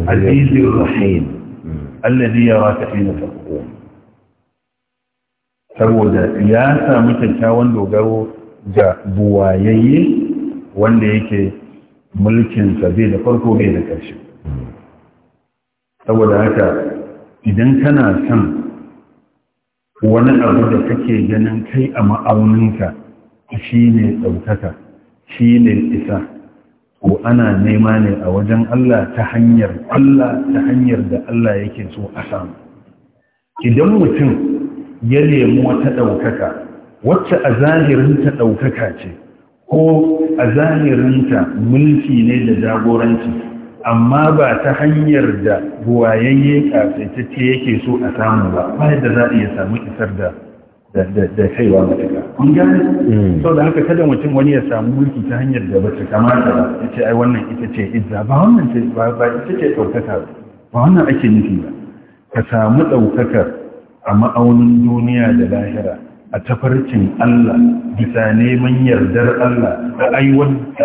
azizir rahim allazi yaraka hina taqum saboda ya samu kyakkyawan dogaro ga buwayayye wanda yake mulkin sa bai da farko bai da ƙarshe saboda haka idan kana son wani abu da kake ganin kai a ma'auninka shi ne ɗaukaka shi ne isa ko ana nema ne a wajen Allah ta hanyar Allah ta hanyar da Allah yake so a samu idan mutum ya nemi wata ɗaukaka wacce a zahirinta ɗaukaka ce ko a zahirinta mulki ne da jagoranci amma ba ta hanyar da buwayayye ce yake so a samu ba ba da za a iya samu isar da da kaiwa matuka kun gane mm. sau da haka kada mutum wani ya samu mulki ta hanyar da bata kamata ba ya ce ai wannan ita ce izza ba wannan ce ba ita ce ɗaukaka ba wannan ake nufi ba ka samu ɗaukakar a ma'aunin duniya da lahira a tafarkin Allah bisa neman yardar Allah da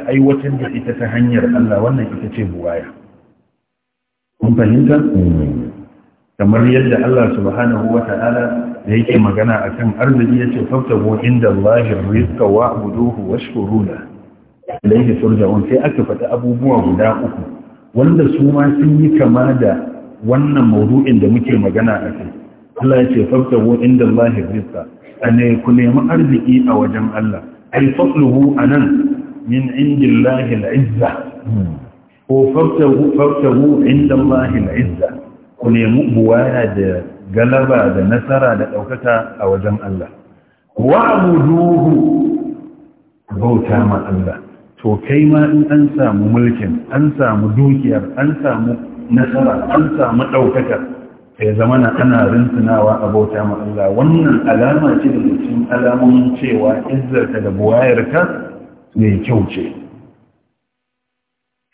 aiwatar da ita ta hanyar Allah wannan ita ce buwaya kun fahimta mm. kamar yadda Allah subhanahu wa ta'ala da yake magana akan arziki yace fabtahu inda Allah rizqa wa abuduhu washkuru la ilayhi turja'un sai aka fata abubuwa guda uku wanda su ma sun yi kama da wannan maudu'in da muke magana a kai Allah yace fabtahu inda Allah A ne ku nemi arziki a wajen Allah ai a nan! min indillahi al-izza ko fabtahu fabtahu inda Allah izza ku nemi buwaya da galaba da nasara da ɗaukaka a wajen Allah Wa abuduhu bauta ma Allah to kai ma in an samu mulkin an samu dukiyar an samu nasara an samu ɗaukaka sai zamana ana rintunawa a bauta ma Allah wannan alama ce da cikin alamomin cewa izzarka da buwayarka mai kyau ce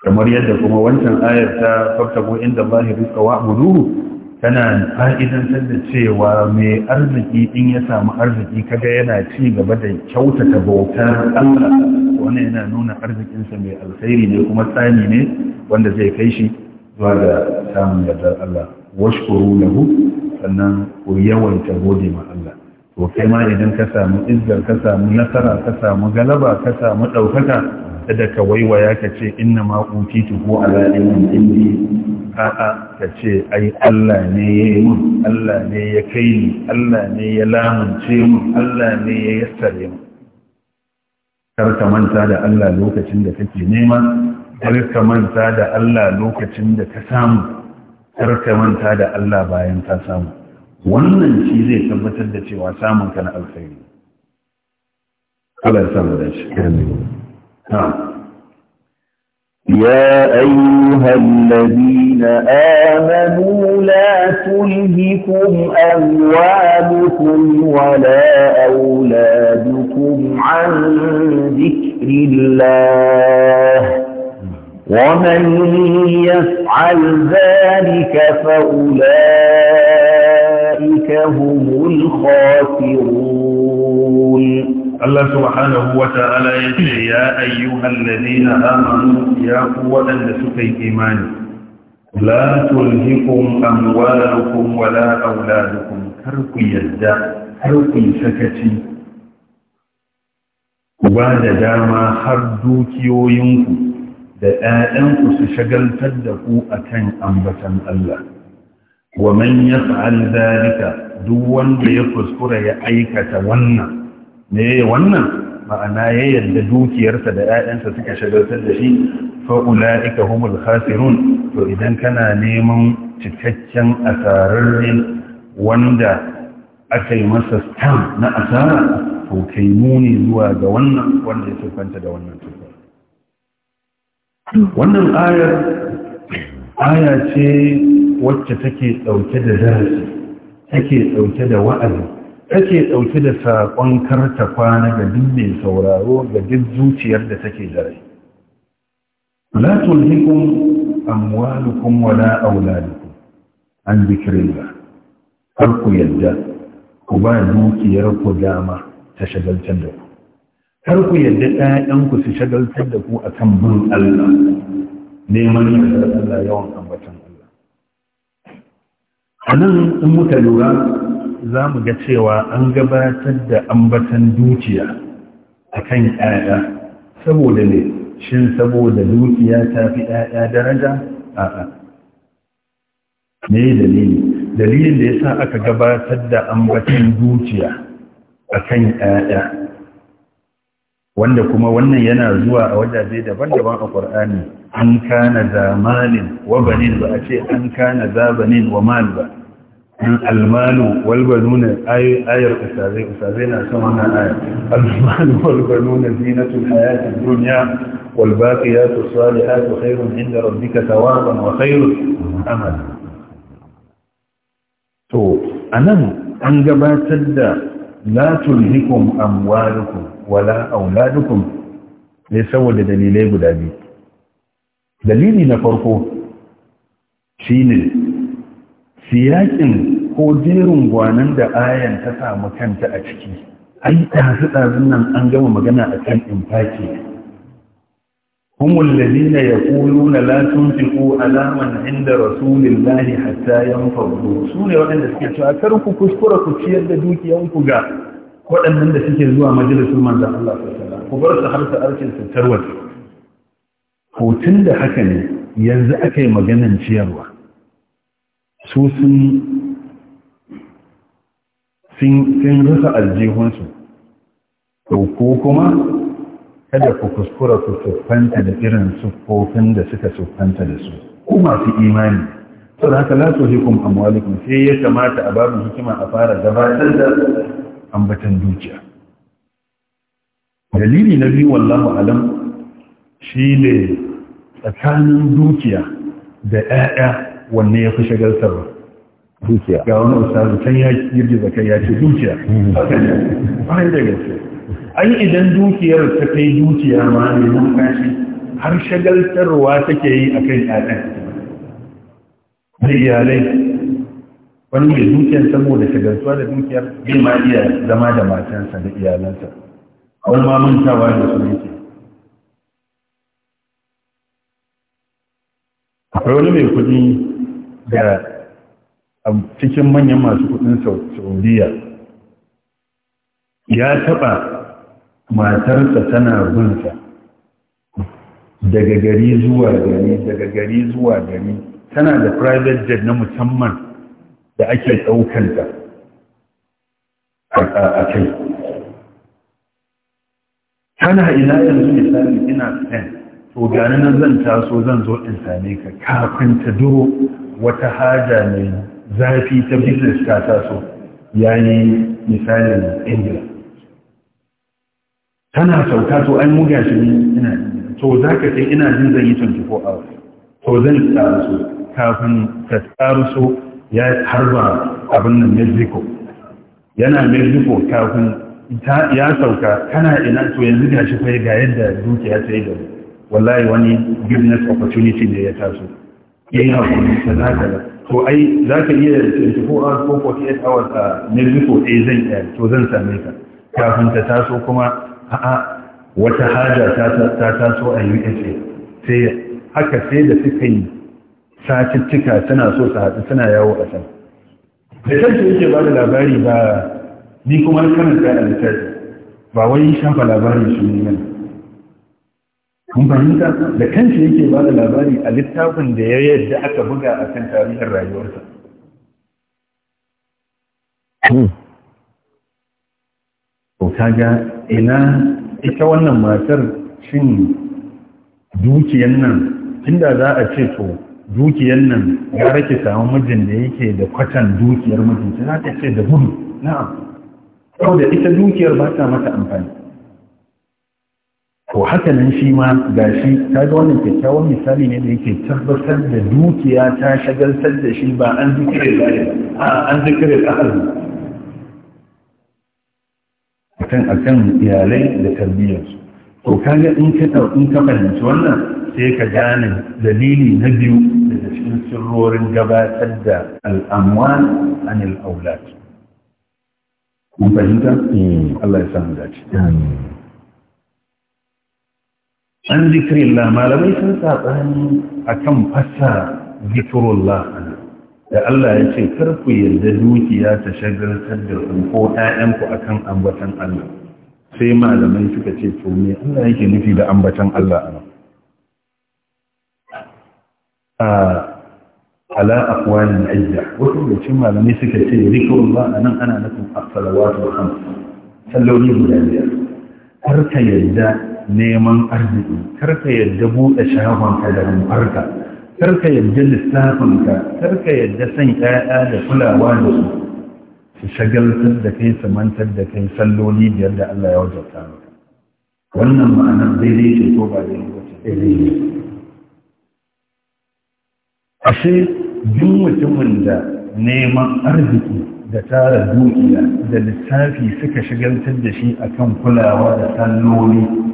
kamar yadda kuma wancan ayar ta ko inda Allah wa wa'buduhu tana fa'idantar da cewa mai arziki in ya samu arziki kaga yana ci gaba da kyautata bautar Allah wannan yana nuna arzikinsa mai alkhairi ne kuma tsani ne wanda zai kai shi zuwa ga samun yardar Allah washkuru lahu sannan ku yawaita gode ma Allah to kai ma idan ka samu izzar ka samu nasara ka samu galaba ka samu ɗaukaka da ka waiwaya ka ce inna ma utitu ko ala ilmin indi a'a ka ce ai Allah ne ya yi mun Allah ne ya kai ni Allah ne ya lamunce mun Allah ne ya yassare mun kar ka manta da Allah lokacin da kake nema kar ka manta da Allah lokacin da ka samu kar ka manta da Allah bayan ka samu wannan shi zai tabbatar da cewa samun ka na alkhairi Allah ya samu da shi amin يا أيها الذين آمنوا لا تلهكم أموالكم ولا أولادكم عن ذكر الله ومن يفعل ذلك فأولئك هم الخاسرون Allah subhanahu wa ta'ala ya ce ya ayyuhal ladina amanu ya ku waɗanda suka yi imani la tulhikum amwalukum wala auladukum kar ku yadda har ku sakaci ku ba da dama har dukiyoyinku da ‘ya'yanku su shagaltar da ku a kan ambatan Allah. Wa man ya duk wanda ya kuskura ya aikata wannan me wannan ma'ana ya yarda dukiyarsa da 'ya'yansa suka shagaltar da shi fa'ula'ika humul khasirun to idan kana neman cikakken asararren wanda aka yi masa stam na asara to kai muni zuwa ga wannan wanda ya tufanta da wannan tufa wannan ayar aya ce wacce take ɗauke da darasi take ɗauke da wa'azi take ɗauki da saƙon karta kwana ga duk mai sauraro ga duk zuciyar da take da rai la tulhikum amwalukum wala auladukum an zikrillah har ku yadda ku ba dukiyar ku dama ta shagaltar da ku har ku yadda ɗayan ku su shagaltar da ku akan bin Allah neman yardar Allah yawan ambatan Allah anan in muka lura za mu ga cewa an gabatar da ambatan dukiya a kan ‘ya'ya saboda ne shin saboda dukiya ta fi ‘ya'ya daraja a'a ne dalili dalilin da ya sa aka gabatar da ambatan dukiya a kan ‘ya'ya wanda kuma wannan yana zuwa a wajaje daban-daban a ƙur'ani, an kana zamanin wa banin ba a ce an kana zabanin wa mal ba almalu walbanuna ayar usazai usazai na son wannan ayar almalu walbanuna zinatul hayatid dunya walbaqiyatu salihatu khairun inda rabbika thawaban wa khairun amala to anan an gabatar da la tulhikum amwalukum wala auladukum ne saboda dalilai guda biyu dalili na farko shi ne. siyakin ko jerin gwanan da ayan ta samu kanta a ciki ai ɗazu ɗazun nan an gama magana a kan infaki humul ladina yaquluna la tunfiqu ala man inda rasulillahi hatta yanfadu su ne waɗanda suke cewa ku kuskura ku ciyar da dukiyanku ga waɗannan da suke zuwa majalisun manzon Allah sallallahu alaihi wasallam ku bar su har arkin su tarwata hotun da haka ne yanzu aka maganan ciyarwa su sun rasa aljihunsu ko kuma kada ku kuskura ku siffanta da irin siffofin da suka siffanta da su ku masu imani to da haka lasu hikum amwalikum sai ya kamata a babu hikima a fara gabatar da ambatan dukiya dalili na biyu wallahu alam shi ne tsakanin dukiya da 'ya'ya wanne ya fi shagaltarwa dukiya ga wani ustazu can ya girgiza kai ya ce dukiya ba hmm. da gaske ai idan dukiyar ta kai dukiya ma ne nan kashi har shagaltarwa take yi a kan ƴaƴan da iyalai wani mai dukiyar saboda shagaltuwa da dukiyar zai ma iya zama da matansa da iyalansa wani ma mantawa da su yake akwai wani mai kudi da cikin manyan masu kudin saudiya ya taba matarsa tana bunsa daga gari zuwa gari daga gari zuwa gari tana da private jet na musamman da ake daukanta a kai tana ina yanzu misali ina 10 to gani na zan taso zan zo in same ka kafin ta duro wata haja mai zafi ta business ta taso yayi misalin ingila tana sauka to an muga shi ne ina to za ka kai ina jin zan yi 24 hours to zan tsaraso kafin ka tsaraso ya harba abin nan mexico yana mexico kafin ya sauka kana ina to yanzu ga shi fa ga yadda dukiya ta yi da wallahi wani business opportunity ne ya taso ya yi ta "Zaka ka to ai za ka iya 24 hours ko 48 hours a mirgifo ɗaya eh, zan iya to zan same ka kafin ta taso kuma a'a wata haja ta taso a USA sai haka sai da suka yi satittika tana so su haɗu suna yawo a can da kanci yake ba da labari ba ni kuma karanta a littafi ba wai shafa labarin shi ne mana kun fahimta da kanshi yake ba da labari a littafin da ya yadda aka buga a kan tarihin rayuwarsa hmm. ka ga ina ita wannan matar cin dukiyan nan inda za a ce to dukiyan nan gara ki samu mijin da yake da kwatan dukiyar mijinki za ta ce da gudu na'am saboda ita dukiyar ba ta mata amfani Ko haka nan shi ma gashi ta ga wannan kyakkyawan misali ne da yake tabbatar da dukiya ta shagaltar da shi ba an zikirin an zikirin ahali a kan iyalai da tarbiyyarsu to kaga in ka in ka fahimci wannan sai ka gane dalili na biyu daga cikin sirrorin gabatar da al'amwal anil aulat kun fahimta eh. Allah ya samu dace an Allah malamai sun tsatsani a kan fasa zikirullah da Allah ya ce karku yarda dukiya ta shagaltar da ku ko ƴaƴanku a kan ambatan Allah sai malamai suka ce to me Allah yake nufi da ambatan Allah a ala akwani ajiyar wasu cin malamai suka ce zikirullah a nan ana nufin asalawatu hamsin salloli guda biyar har ka yadda neman arziki karka yadda buɗe shagonka da rumfarka karka yadda lissafinka karka yadda son ƴaƴa da kulawa da su su shagaltar da kai su mantar da kai salloli biyar da Allah ya wajabta maka wannan ma'anar daidai ce ko ba daidai ba ashe duk mutumin da neman arziki da tara dukiya da lissafi suka shagaltar da shi akan kulawa da salloli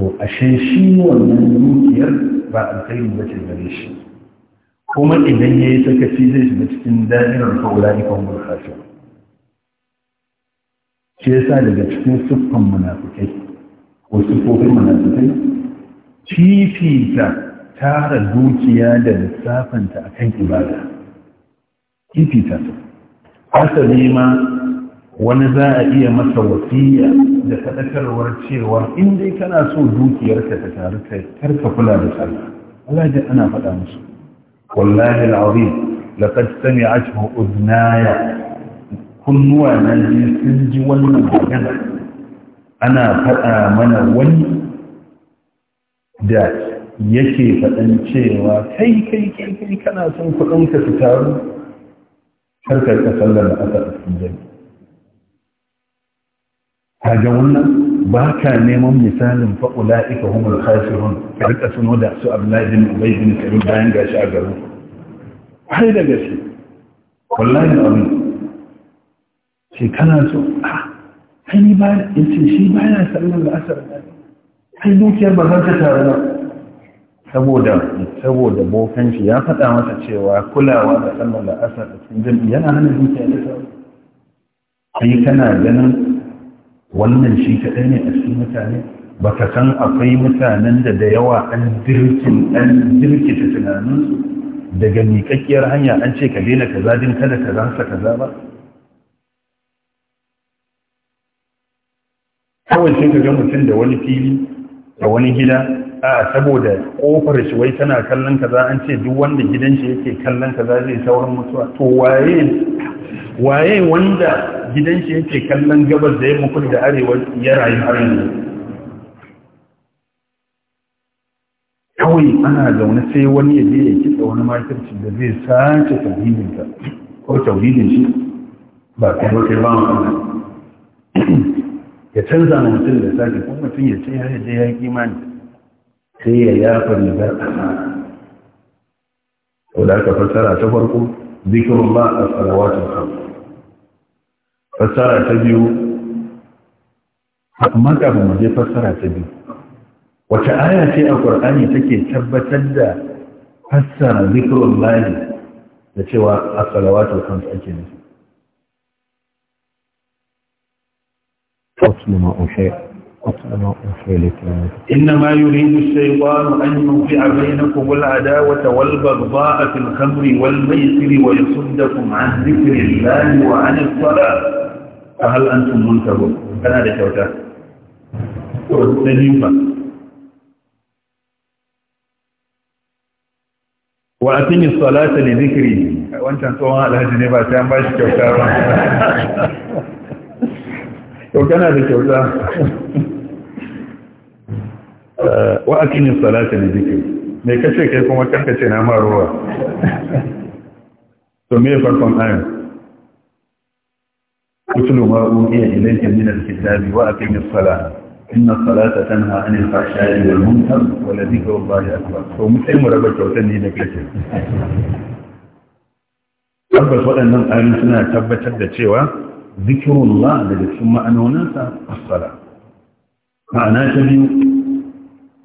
a shan shi wannan dukiyar ba a kai ba ce gare shi kuma idan ya yi sakaci zai shiga cikin da'irar fa'ula ika hungar shi yasa daga cikin siffan munafikai ko siffofin munafukai fifita tara dukiya da lissafinta akan ibada fifita su asali ma wani za a iya masa wasiya da sadakarwar cewa in dai kana so dukiyarka ta taru kai kar ka kula da sallah Allah ya ana faɗa musu wallahi al'azim laqad sami'athu udnaya kunnuwa na sun ji wannan magana ana faɗa mana wani da yake faɗan cewa kai kai kai kai kana son kuɗinka su taru kar ka sallar da aka cikin jami'a kaga wannan ba ka neman misalin fa'ula ika humul khasirun ka rika suno da su abdullahi bin ubay bin salul bayan gashi a garin ai da gashi wallahi abin shi kana so ai ni ba in ce shi ba ya sallar da asar ai dukiyar ba zan ta taru ba saboda saboda bokan shi ya faɗa masa cewa kulawa da sallar da asar cikin jami'a yana hana dukiya da sauri ai kana ganin wannan shi kaɗai ne a cikin mutane ba ka san akwai mutanen da da yawa an dirkin an tunaninsu daga miƙaƙƙiyar hanya an ce ka daina kaza din kada ka zansa kaza ba kawai sai ka ga mutum da wani fili da wani gida a saboda kofar shi wai tana kallon kaza an ce duk wanda gidan shi yake kallon kaza zai saurin mutuwa to waye waye wanda gidan shi yake kallon gabas da ya kudu da arewa ya rayu har yanzu kawai ana zaune sai wani ya je ya kitsa wani makirci da zai sace tauhidinka ko tauhidin shi ba kuma kai ba mu ya canza na mutum da sake kuma mutum ya ce ya je ya yi imani sai ya yafa rigar asara sau da aka fassara ta farko zikirin ba a salawatin kamar fassara ta biyu amma kafin mu je fassara ta biyu wace aya ce a qur'ani take tabbatar da fassara zikrullahi da cewa as-salawatu kansu ake nufi أصل ما أشيء إنما يريد الشيطان أن يوقع بينكم العداوة والبغضاء في الخمر والميسر ويصدكم عن ذكر الله وعن الصلاة فهل أنتم منتظرون؟ كان هذا شوكا وأتم الصلاة لذكري وأنت أنتوها الهجنة بأتان باش شوكا وكان هذا شوكا wa aqimis salata li dhikri me kace kai kuma kanka ce na maruwa to me farkon ayan kutlu ma uhiya ilayka min al-kitabi wa aqimis salata inna salata tanha anil fahsha'i wal munkar wa la dhikrullahi akbar to mutai mu raba kyautar ne da kake tabbas waɗannan ayoyi suna tabbatar da cewa zikirullah daga cikin ma'anoninsa as-sala ma'ana ta biyu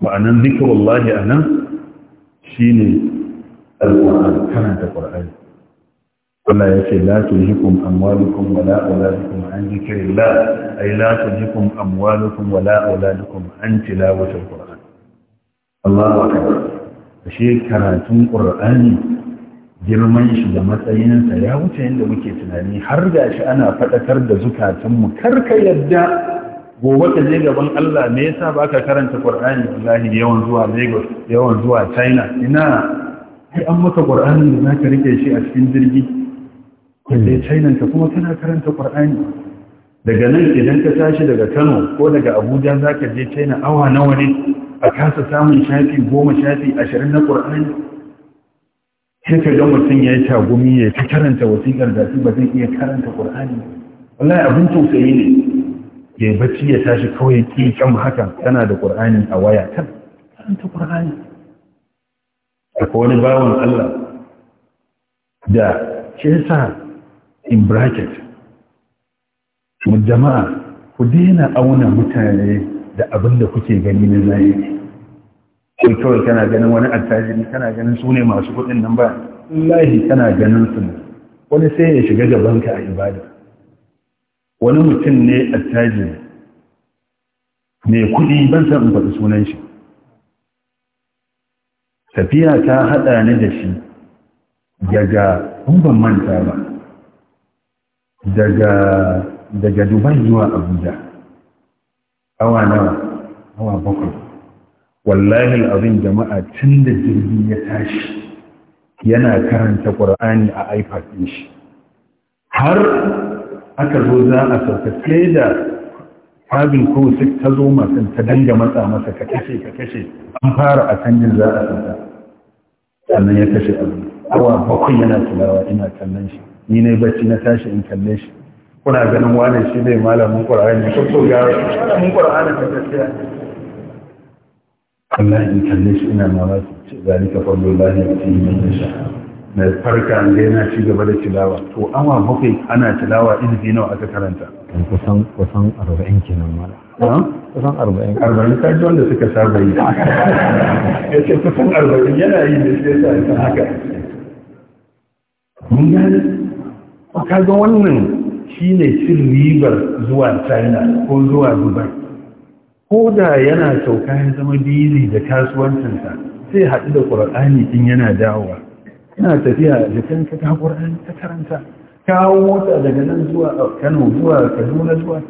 ma'anan zikirullahi a nan shi ne al'ur'an karanta ƙwar'ani Allah ya ce la tulhikum amwalukum wala auladukum an zikrillah ay la tulhikum amwalukum wala auladukum an tilawatil qur'an Allahu akbar ashe karatun qur'ani girman shi da matsayinsa ya wuce yadda muke tunani har shi ana faɗakar da zukatunmu kar ka yadda gobe ka je gaban Allah me yasa baka karanta Qur'ani wallahi yawan zuwa Lagos yawan zuwa China ina sai an maka Qur'ani da zaka rike shi a cikin jirgi ka China ka kuma kana karanta Qur'ani daga nan idan ka tashi daga Kano ko daga Abuja zaka je China awa nawa ne a kasa samun shafi goma shafi ashirin na Qur'ani sai ka ga mutum ya yi tagumi ya ta karanta wasiƙar da ba zai iya karanta Qur'ani wallahi abin tausayi ne ya bacci ya tashi kawai ki kan haka tana da ƙur'ani a waya ta karanta akwai wani bawan Allah da ke sa in bracket mu jama'a ku daina auna mutane da abin da kuke gani na zahiri ko kawai kana ganin wani attajiri kana ganin su ne masu kuɗin nan ba lahi kana ganin su wani sai ya shiga gabanka a ibada wani mutum ne attajiri mai kudi ban san in faɗi sunan shi tafiya ta haɗa ni da shi daga ban manta ba daga daga dubai zuwa abuja awa nawa awa bakwai wallahi abin jama'a tun da jirgin ya tashi yana karanta ƙur'ani a ipad ɗin shi har aka zo za a sauka sai da cabin crew six ta zo masu ta danga matsa masa ka kashe ka kashe an fara a canjin za a sauka sannan ya kashe abu awa bakwai yana tilawa ina kallon shi ni ne bacci na tashi in kalle shi kuna ganin wani shi ne malamin ƙwararren ne ko ga malamin ƙwararren ta gaskiya Allah in kalle shi ina mamaki ce zalika fadlullahi wa tihi min yasha na farka an na ci gaba da tilawa to awa bakwai ana tilawa izifi nawa aka karanta kusan kusan arba'in kenan mala kusan arba'in arba'in ta ji wanda suka saba yi ya ce kusan arba'in yana yi da shi yasa ita haka mun gane kaga wannan shine cin ribar zuwa china ko zuwa dubai ko da yana sauka ya zama bizi da kasuwancinsa sai haɗu da ƙur'ani in yana dawowa ina tafiya jikin ka ta ta karanta kawo mota daga nan zuwa kano zuwa kaduna zuwa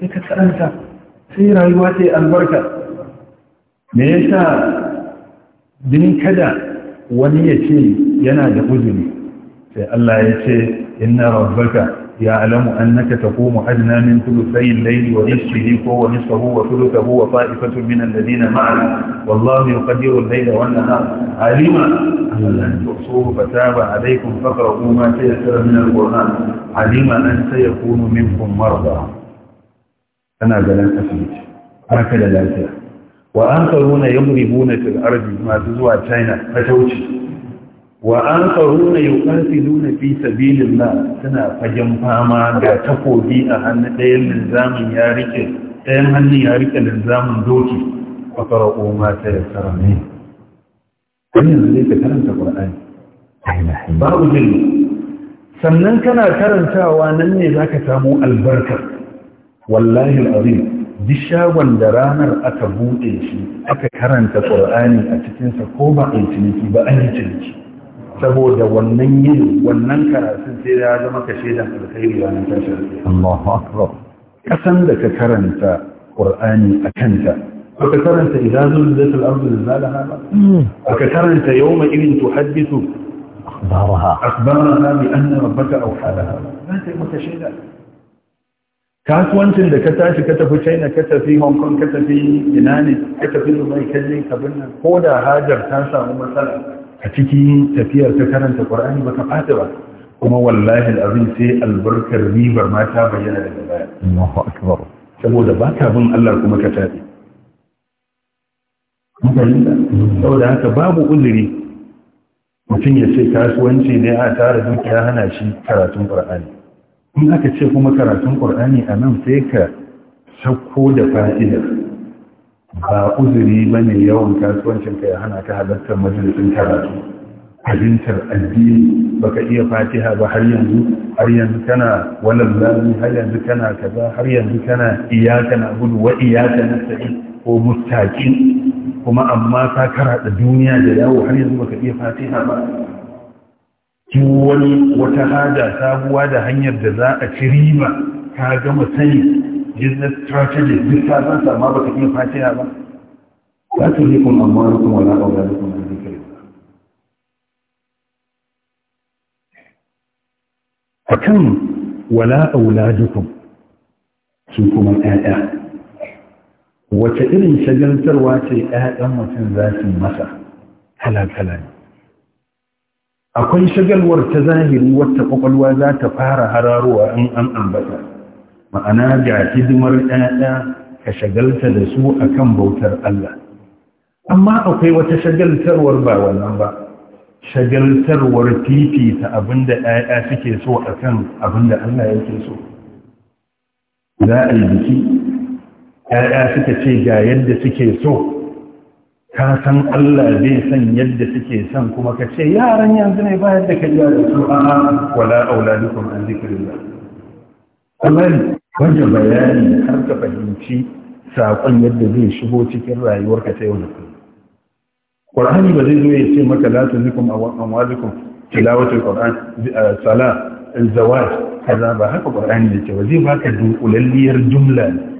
sai ka karanta sai rayuwa sai albarka me yasa din kada wani ya ce yana da uzuri sai Allah ya ce inna rabbaka يعلم أنك تقوم أدنى من ثلثي الليل ونصفه نصفه وثلثه وطائفة من الذين معنا والله يقدر الليل والنهار علم أن تحصوه فتاب عليكم فاقرؤوا ما تيسر من القرآن علم أن سيكون منكم مرضى أنا جلال أسميت هكذا لا تيسر وآخرون يضربون في الأرض ما تزوى تشاينا فتوشي wa an karuna yau ƙarfi fi sabilin suna fagen fama ga takobi a hannu ɗayan linzamin ya rike ɗayan hannun ya rike linzamin doki a fara'o mata ya tsara ne wani yanzu zai ka karanta ƙwar'ani babu jirgi sannan kana karantawa nan ne za ka samu albarka wallahi al'azim duk shagon da ranar aka buɗe shi aka karanta ƙwar'ani a cikinsa ko ba a yi ciniki ba an yi ciniki saboda wannan yin wannan karatu sai ya zama ka shaidan alkhairi ranar tashin Allahu akbar kasan da ka karanta Qur'ani a kanta ka karanta idza zulzilatil ardu zilzalaha ba ka karanta yawma idin tuhaddithu akhbaraha akhbaraha bi anna rabbaka awha laha sai maka shaida kasuwancin da ka tashi ka tafi China ka tafi Hong Kong ka tafi ina ka tafi Dubai ka je ka binne ko da hajar ta samu matsala a cikin tafiyar ta karanta ƙwar'ani ba ta ɓata ba kuma wallahi abin sai albarkar ribar ma ta bayyana daga baya akbar saboda ba ka bin Allah kuma ka tafi saboda haka babu uzuri mutum ya ce kasuwanci ne a tara dukiya hana shi karatun ƙwar'ani in aka ce kuma karatun ƙwar'ani a nan sai ka sauko da fa'idar ba uzuri ba ne yawan kasuwancinka ya hana ka halartar majalisun karatu fahimtar addini ba ka iya fatiha ba har yanzu har yanzu kana walan lalani har yanzu kana kaza har yanzu kana iyaka na gudu wa iyaka na sa'i ko mustaqim kuma amma ka karada duniya da yawo har yanzu ba ka iya fatiha ba ki wani wata hada sabuwa da hanyar da za a ci riba ka gama sani business strategy duk ta san sa ma baka iya fatiha ba la tulhikum amwalukum wala auladukum an dhikrillah akan wala auladukum su kuma ƴaƴa wace irin shagaltarwa ce ƴaƴan mutum za su masa kala-kala ne akwai shagalwar ta zahiri wata kwakwalwa za ta fara hararowa in an ambata ma'ana ga hidimar ɗaya ka shagalta da su akan bautar Allah amma akwai wata shagaltarwar ba wannan ba shagaltarwar fifita abinda ɗaya suke so akan abinda Allah yake so za a yi biki ‘ya'ya suka ce ga yadda suke so ka san Allah bai san yadda suke son kuma ka ce yaran yanzu ne bayar da ka iya da su a wala aula dukkan an zikirin ba. Amari, wajen bayani har ka fahimci saƙon yadda zai shigo cikin rayuwarka ta yau da kullum Qur'ani ba zai zo ya ce maka la tuzikum amwalikum tilawatul Qur'an sala zawaj kaza ba haka Qur'ani yake ba zai baka dunkulalliyar jumla ne.